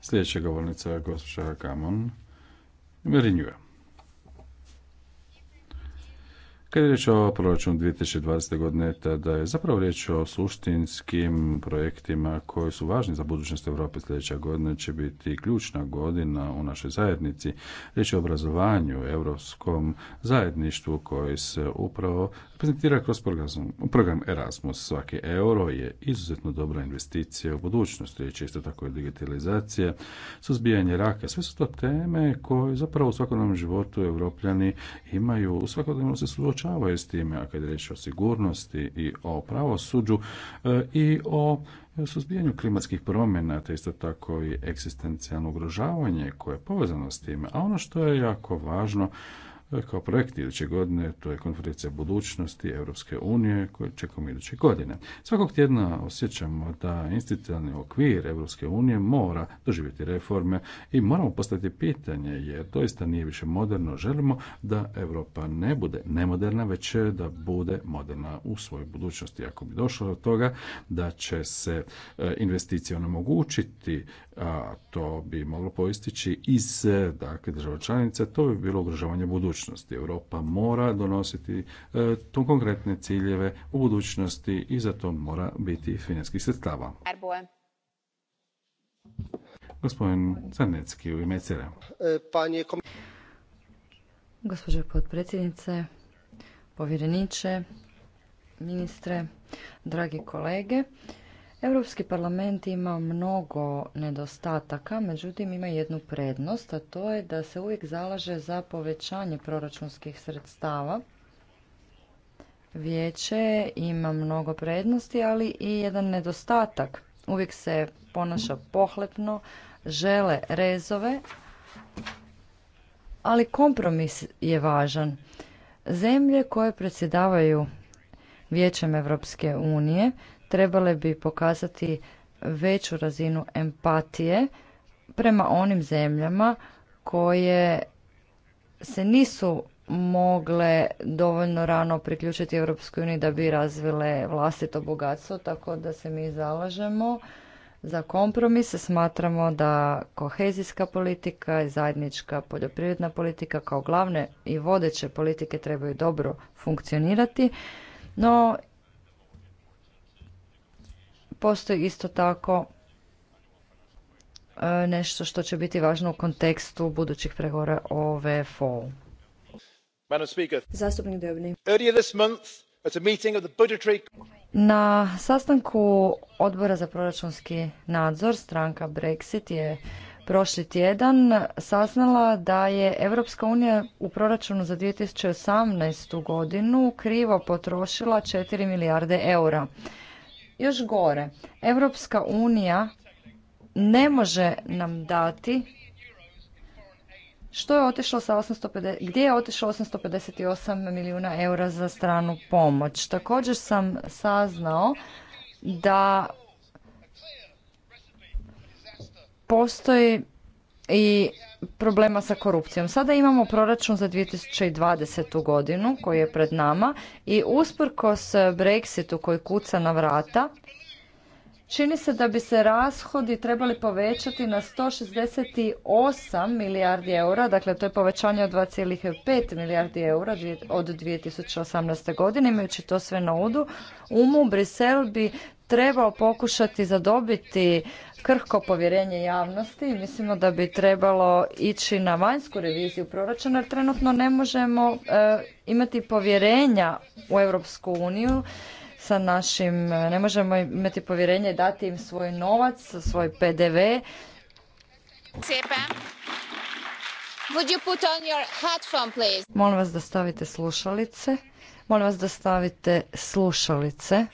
Sljedeća govornica gospođa Gamon Merinjuje. Kad je riječ o proračunu 2020. godine, tada je zapravo riječ o suštinskim projektima koji su važni za budućnost Europe. Sljedeća godina će biti ključna godina u našoj zajednici. Riječ je o obrazovanju, europskom zajedništvu koji se upravo prezentira kroz program, program Erasmus. Svaki euro je izuzetno dobra investicija u budućnost. je isto tako i digitalizacija, suzbijanje raka. Sve su to teme koje zapravo u svakodnevnom životu europljani imaju, u svakodnevno se suočavaju s time, a kad je riječ o sigurnosti i o pravosuđu eh, i o suzbijanju klimatskih promjena, te isto tako i egzistencijalno ugrožavanje koje je povezano s time. A ono što je jako važno, kao projekt iduće godine, to je konferencija budućnosti Europske unije koju čekamo iduće godine. Svakog tjedna osjećamo da institucionalni okvir Europske unije mora doživjeti reforme i moramo postaviti pitanje jer doista nije više moderno. Želimo da Europa ne bude nemoderna, već da bude moderna u svojoj budućnosti. Ako bi došlo do toga da će se e, investicije onemogućiti, a to bi moglo poistići iz e, dakle, država članica, to bi bilo ugrožavanje budućnosti budućnosti. Europa mora donositi e, to konkretne ciljeve u budućnosti i za to mora biti financijskih sredstava. Gospodin Zanecki u ime e, potpredsjednice, povjereniče, ministre, dragi kolege. Europski parlament ima mnogo nedostataka, međutim ima jednu prednost, a to je da se uvijek zalaže za povećanje proračunskih sredstava. Vijeće ima mnogo prednosti, ali i jedan nedostatak. Uvijek se ponaša pohlepno, žele rezove, ali kompromis je važan. Zemlje koje predsjedavaju Vijećem Europske unije trebale bi pokazati veću razinu empatije prema onim zemljama koje se nisu mogle dovoljno rano priključiti Europskoj uniji da bi razvile vlastito bogatstvo, tako da se mi zalažemo za kompromise. Smatramo da kohezijska politika i zajednička poljoprivredna politika kao glavne i vodeće politike trebaju dobro funkcionirati, no Postoji isto tako e, nešto što će biti važno u kontekstu budućih pregovora o VFO-u. Na sastanku odbora za proračunski nadzor stranka Brexit je prošli tjedan saznala da je Europska unija u proračunu za 2018. godinu krivo potrošila 4 milijarde eura. Još gore, Europska unija ne može nam dati što je otišlo sa 850, gdje je otišlo 858 milijuna eura za stranu pomoć. Također sam saznao da postoji i problema sa korupcijom. Sada imamo proračun za 2020. godinu koji je pred nama i usprkos Brexitu koji kuca na vrata, čini se da bi se rashodi trebali povećati na 168 milijardi eura, dakle to je povećanje od 2,5 milijardi eura od 2018. godine, imajući to sve na udu, umu Brisel bi trebao pokušati zadobiti krhko povjerenje javnosti i mislimo da bi trebalo ići na vanjsku reviziju proračuna jer trenutno ne možemo e, imati povjerenja u Europsku uniju sa našim, e, ne možemo imati povjerenje dati im svoj novac, svoj PDV. Would Molim vas da stavite slušalice. Molim vas da stavite slušalice.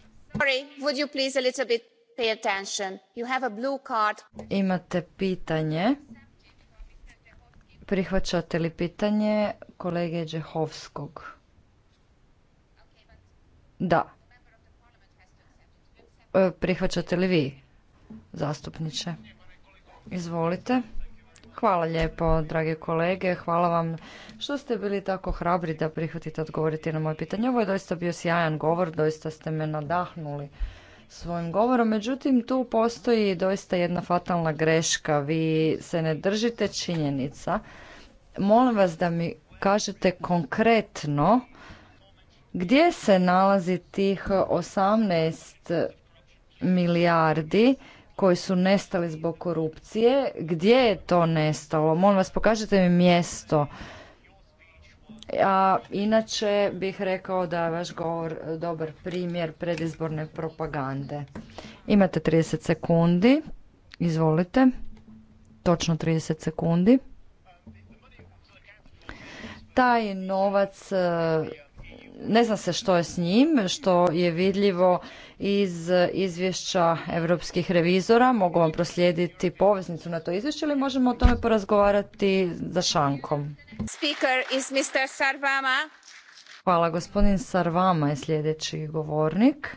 Imate pitanje. Prihvaćate li pitanje kolege Đehovskog? Da. E, prihvaćate li vi, zastupniče? Izvolite. Hvala lijepo, drage kolege. Hvala vam što ste bili tako hrabri da prihvatite odgovoriti na moje pitanje. Ovo je doista bio sjajan govor, doista ste me nadahnuli svojim govorom. Međutim, tu postoji doista jedna fatalna greška. Vi se ne držite činjenica. Molim vas da mi kažete konkretno gdje se nalazi tih 18 milijardi koji su nestali zbog korupcije. Gdje je to nestalo? Molim vas, pokažite mi mjesto. A inače bih rekao da je vaš govor dobar primjer predizborne propagande. Imate 30 sekundi. Izvolite. Točno 30 sekundi. Taj novac ne zna se što je s njim, što je vidljivo iz izvješća europskih revizora. Mogu vam proslijediti poveznicu na to izvješće ili možemo o tome porazgovarati za šankom. Speaker Hvala, gospodin Sarvama je sljedeći govornik.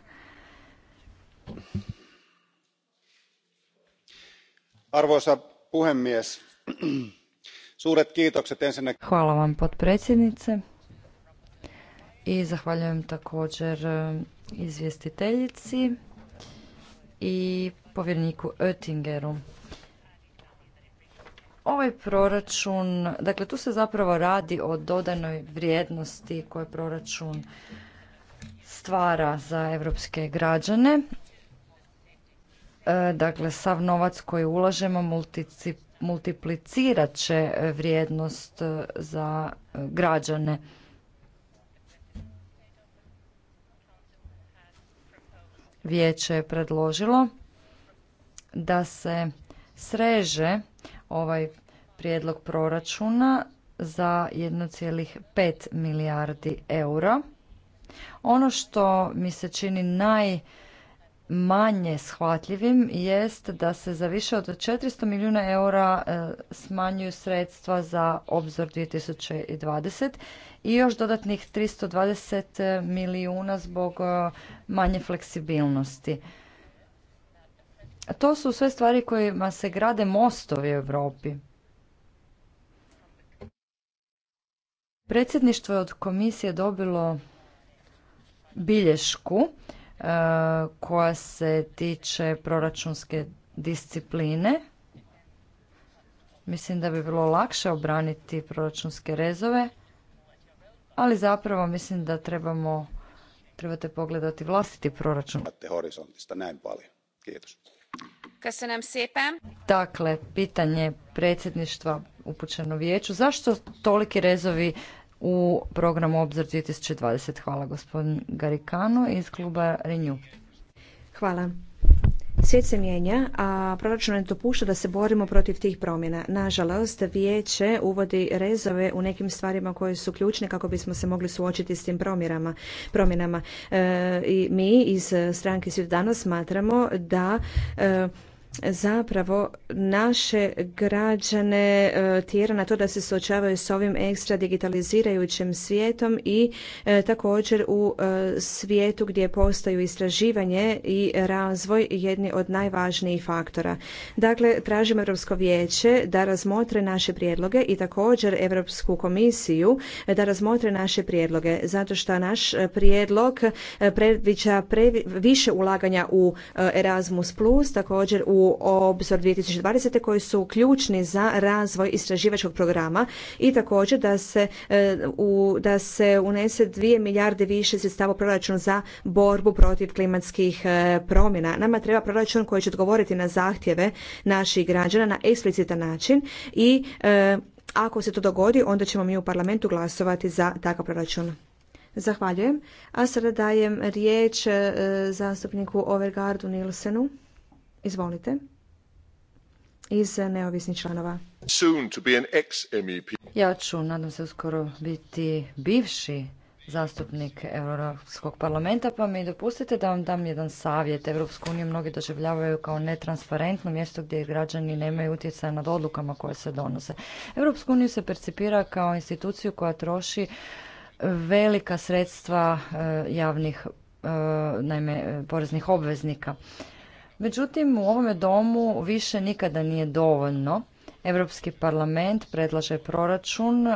Arvoisa puhemies, suuret kiitokset ensinnäkin. Hvala vam potpredsjednice i zahvaljujem također e, izvjestiteljici i povjerniku Oettingeru. Ovaj proračun, dakle tu se zapravo radi o dodanoj vrijednosti koje proračun stvara za evropske građane. E, dakle, sav novac koji ulažemo multiplicirat će vrijednost e, za građane. vijeće je predložilo da se sreže ovaj prijedlog proračuna za 1,5 milijardi eura. Ono što mi se čini najmanje shvatljivim jest da se za više od 400 milijuna eura e, smanjuju sredstva za obzor 2020 i još dodatnih 320 eh, milijuna zbog eh, manje fleksibilnosti. To su sve stvari kojima se grade mostovi u Europi. Predsjedništvo je od komisije dobilo bilješku eh, koja se tiče proračunske discipline. Mislim da bi bilo lakše obraniti proračunske rezove ali zapravo mislim da trebamo, trebate pogledati vlastiti proračun. Dakle, pitanje predsjedništva upućeno vijeću. Zašto toliki rezovi u programu Obzor 2020? Hvala gospodin Garikano iz kluba Renew. Hvala. Svijet se mijenja, a proračun ne dopušta da se borimo protiv tih promjena. Nažalost, vijeće uvodi rezove u nekim stvarima koje su ključne kako bismo se mogli suočiti s tim promjenama. E, I mi iz stranke svi danas smatramo da e, zapravo naše građane e, tjera na to da se suočavaju s ovim ekstra digitalizirajućim svijetom i e, također u e, svijetu gdje postaju istraživanje i razvoj jedni od najvažnijih faktora. Dakle, tražimo Europsko vijeće da razmotre naše prijedloge i također Europsku komisiju da razmotre naše prijedloge, zato što naš prijedlog predviđa više ulaganja u Erasmus+, također u dvije obzor 2020. koji su ključni za razvoj istraživačkog programa i također da se, e, u, da se unese 2 milijarde više sredstava u proračun za borbu protiv klimatskih e, promjena. Nama treba proračun koji će odgovoriti na zahtjeve naših građana na eksplicitan način i e, ako se to dogodi, onda ćemo mi u parlamentu glasovati za takav proračun. Zahvaljujem. A sada dajem riječ zastupniku Overgardu Nilsenu. Izvolite. Iz neovisnih članova. E ja ću, nadam se, uskoro biti bivši zastupnik Europskog parlamenta, pa mi dopustite da vam dam jedan savjet. Europsku uniju mnogi doživljavaju kao netransparentno mjesto gdje građani nemaju utjecaja nad odlukama koje se donose. Europsku uniju se percipira kao instituciju koja troši e, velika sredstva e, javnih, naime, poreznih obveznika. Međutim, u ovome domu više nikada nije dovoljno. Europski parlament predlaže proračun